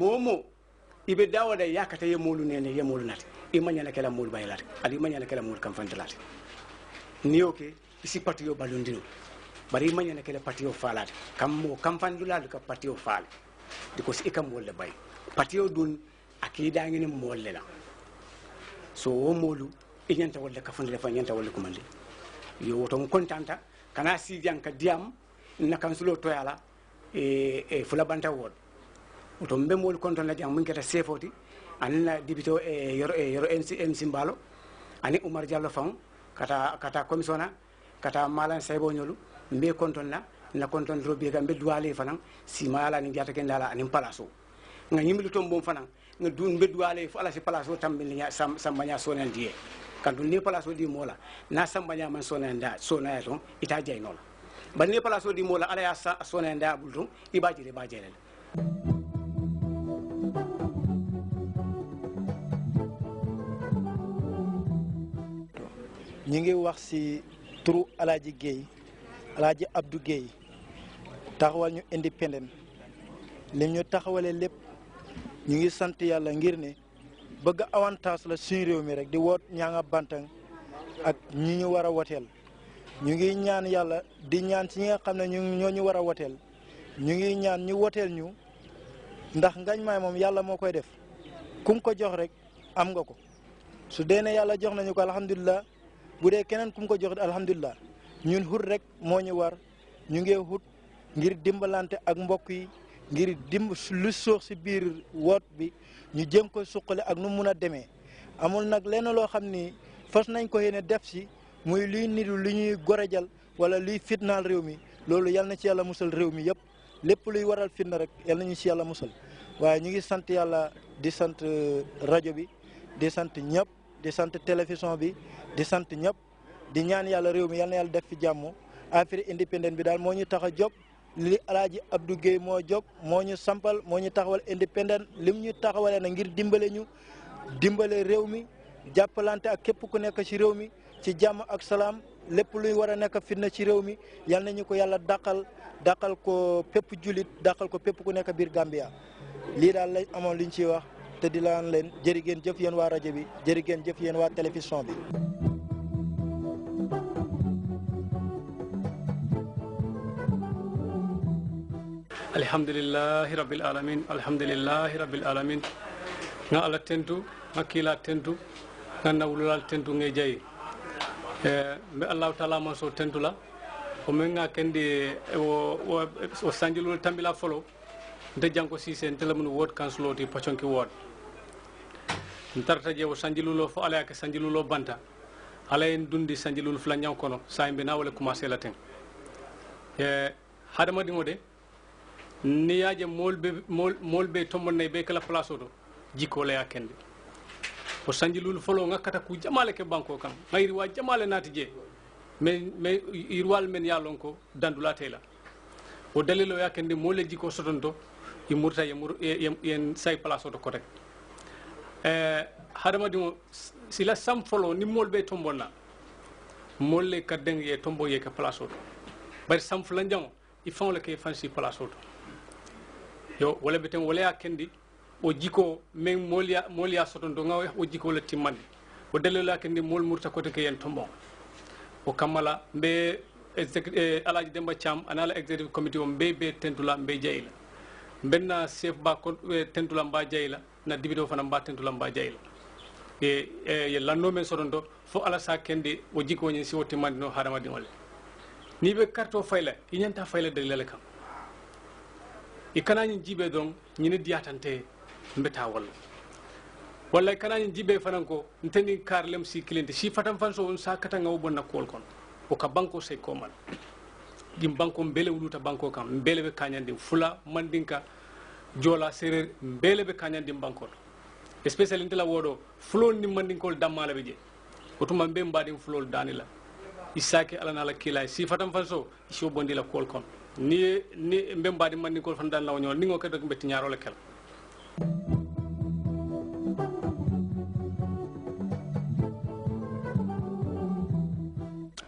momo ibe dawada yakata ye molu nene ye molu nati imanyana kala molu bayelati ali imanyana kala molu kam fantalati niyoke isi patiyo balundino bari imanyana kala patiyo falati kam mo kam fandulati ka patio fal diko si ikam wolle bay patiyo dun akida ngini molle la so wo molu inyanta wolle ka fandale fa nyanta wolle kumande yo woto kontanta kana si ka diam na kansulo toyala e, ee, e ee, fulabanta wodo to mbemwol kontonla jan min keta sefoti anina député o e yoro e yoro mc mbalo ani oumar diallo faw kata kata commission a kata malan sayboñolu mbe kontonla na kontontoro biye ga mbe duwale fanan sima ala ni jata kende ala anin place o nga ñimilu toon bon fanan nga dun mbe duwale fo ala si place o tambinliña sambaña sonel diye kantu ni place o ɗi moola na sambaña man sonenda sonaya toon ita jeynola bari ni place o ñi ngi wax si turu alaaji Géey alaaji Abdou Géey taxawal ñu indépendant lim ñu taxawalee lépp ñu ngi sant yàlla ngir ne bëgg avantage la suñu réew mi rek di woot ñaa nga bantang ak ñi ñu war a woteel ñu ngi ñaan yàlla di ñaan si ñi nga xam ne ñu ñoo ñu war a woteel ñu ngi ñaan ñu woteel ñu ndax ngañ maay moom yàlla moo koy def kum ko jox rek am nga ko su dee yàlla jox nañu ko alhamdulilah bu dee keneen ku mu ko jox alhamdulilah ñun xut rek moo ñu war ñu ngi xut ngir dimbalante ak mbokk yi ngir dimb lu suux si biir woot bi ñu jëm ko suqale ak nu mun a demee amul nag lenn loo xam ni fas nañ ko yéene def si muy luy nitu lu ñuy gorajal wala luy fitnaal réew mi loolu yal na ci yàlla musal réew mi yëpp lépp luy waral fitna rek yal nañu ci yàlla musal waaye ñu ngi sant yàlla di sant euh, rajo bi di sant ñëpp. di sant télévision bi di sant ñëpp di ñaan yàlla réew mi yal yàlla def fi jàmm Afrique indépendant bi daal moo ñu tax a jog li alaaji Abdou moo jóg moo ñu sampal moo ñu taxawal indépendant lim ñu taxawalee na ngir dimbale ñu dimbale réew mi jàppalante ak képp ku nekk ci réew mi ci jàmm ak salaam lépp luy war a nekk fitna ci réew mi yal nañu ko yàlla dàqal dàqal ko pépp julit dàqal ko pépp ku nekk biir Gambia lii daal lañ amoon liñ ciy wax te di laan leen jërë ngeen jëf yéen waa rajo bi jërigeen ngeen jëf yéen waa télévision bi. alhamdulillahi rabbil alamin alhamdulillahi rabbil nga ala tentu nga kiila tentu nga nawlulal tentu nge jayi eh, mbe allahu taala so tentu la o men nga kendi eh, o sanjilol tambila folo nte janko sisen te lamunu ward counciloti paconki ward ntarta jewo sanjilulo fo ala yake sanjilulo banta ala en dundi sanjilulu fulanñaw kono sayimbe na wala commencé la ten e eh, hadamadiŋo de ni yaje mool be mool be tombon nayi be kala place o to jikko la ya kende o sanjilulu folo ŋakkata ku jamale ke banko kan ŋayiri wa jamale naati je mais mais yirwal men ya lon ko dandulate la o dalilo ya kende mool le jikko sotonto i murta yen say place o to kotek Eh, hadamadiŋo sila saŋ foloo niŋ moolu be tomboŋ na moolu le ka deŋ ye tomboŋ ye ke palasoo to bari saŋ fulanjaŋo i faŋo le ka i faŋ si palasoo to yo wo le beteŋ wo le ye a kendi wo jikoo meŋ moolu ye moolu ye a sotonto ŋa wo jikoo le ye a kendi moolu murta kote ke yen tomboŋ o kamma la mbe eh, alhaji demba thiam ana la executive committee o mbe tentu la mbe jayi la mbenna chef ba eh, tentu la mba jayi la na dibido fana mbatten to lamba jayla e e eh, lanno men soɗon fo ala sa kende o jikoñin si wottimmandino haɗamadiŋol ni ɓe carte fayla i ñanta fayla dalilale kam i kanañin jibe don ñine diyatante mbeta walla walla kanañin jibe fanan ko nteni karlem si kilinte si fatan fan so on sa katanga wo bonna kuwol kon o ka banko sey komal ɗin banko mbele wuluta banko kam mbele ɓe kañandin fula mandinka jola serer mbele be di bankol especially ntela wodo flol ni mandinkol kol be je otuma mbe mbadin flol danila isake alana la kila si fatam fanso isio bondi la kol kon ni ni mbe mbadi mandinkol fan dan la wonyol ni ngoke dok mbeti nyaaro kel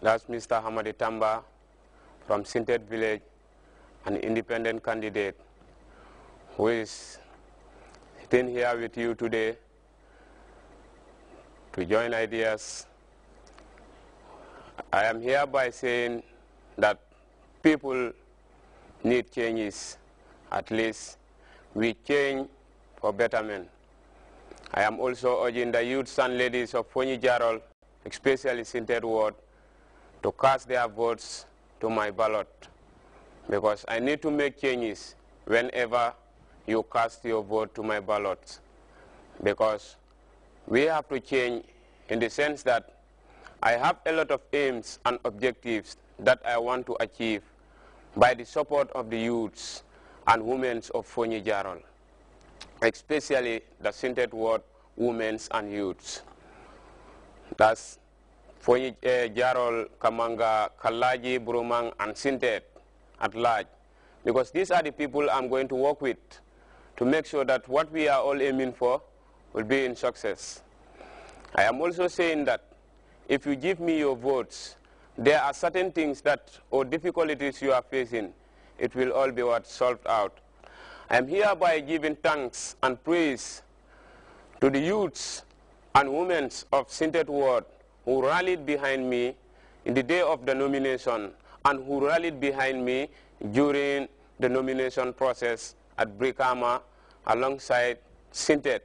That's Mr. Hamadi Tamba from Sintet Village, an independent candidate who is sitting here with you today to join ideas. I am here by saying that people need changes, at least we change for betterment. I am also urging the youths and ladies of Pony Jarol, especially Sinted Ward, to cast their votes to my ballot because I need to make changes whenever you cast your vote to my ballot because we have to change in the sense that I have a lot of aims and objectives that I want to achieve by the support of the youths and women of Fonyi Jarol, especially the synthetic word women and youths. That's Fonyi uh, eh, Jarol, Kamanga, Kalaji, Burumang, and Sintet at large, because these are the people I'm going to work with to make sure that what we are all aiming for will be in success. I am also saying that if you give me your votes, there are certain things that or difficulties you are facing. It will all be what solved out. I am hereby giving thanks and praise to the youths and women of Sintet Ward who rallied behind me in the day of the nomination and who rallied behind me during the nomination process at Brikama alongside Sintet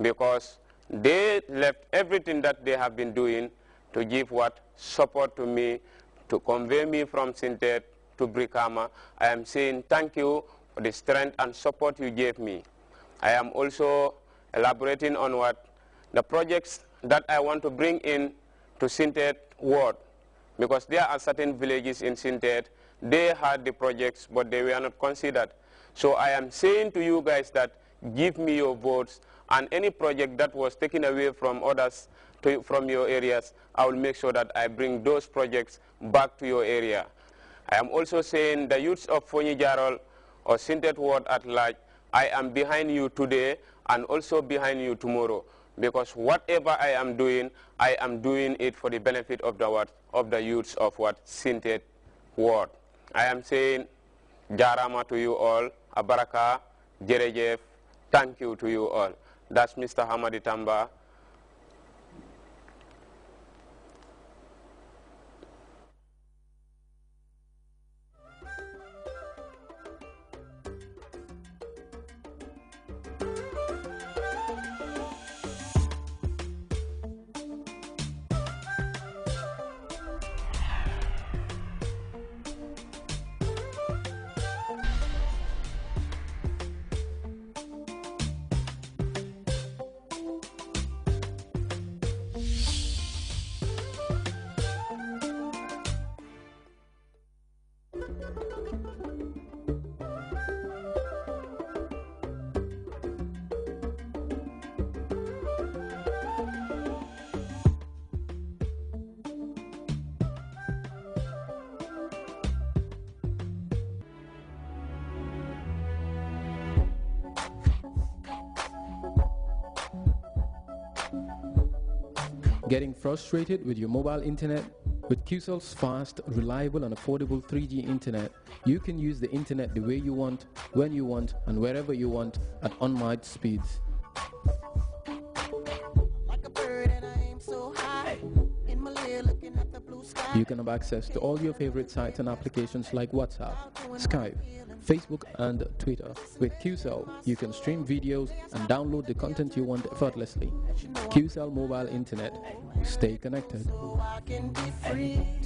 because they left everything that they have been doing to give what support to me, to convey me from Sintet to Brikama. I am saying thank you for the strength and support you gave me. I am also elaborating on what the projects that I want to bring in to Sintet Ward, because there are certain villages in Sintet, they had the projects, but they were not considered. So I am saying to you guys that give me your votes and any project that was taken away from others to, from your areas, I will make sure that I bring those projects back to your area. I am also saying the youths of Fonyi Jarol or Sintet Ward at large, I am behind you today and also behind you tomorrow because whatever I am doing, I am doing it for the benefit of the, what, of the youths of what Sintet Ward. I am saying Jarama to you all. Abaraka, Jerejef, thank you to you all. That's Mr. Hamadi Tamba. Getting frustrated with your mobile internet with Qcell's fast, reliable and affordable 3G internet, you can use the internet the way you want, when you want and wherever you want at unmatched speeds. You can have access to all your favorite sites and applications like WhatsApp, Skype, Facebook and Twitter. With QCell, you can stream videos and download the content you want effortlessly. QCell Mobile Internet. Stay connected. So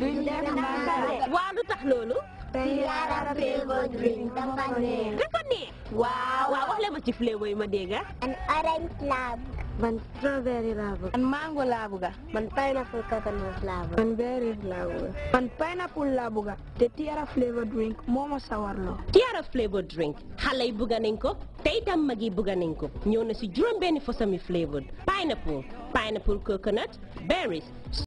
duñ dem màggal waaw lu tax loolu te yaara flavor drink dafa neex dafa neex waaw waaw wax leen ma ci flavor yi ma dégg ah. an orange laa bëgg man pineapple laa bëgg te tiara flavor drink moo ma sawarloo tiara flavor drink xale yi bëgg nañ ko te itam mag yi bugga nañ ko ñëw na si juróom benn fosami flavor pineapple pineapple coconut berries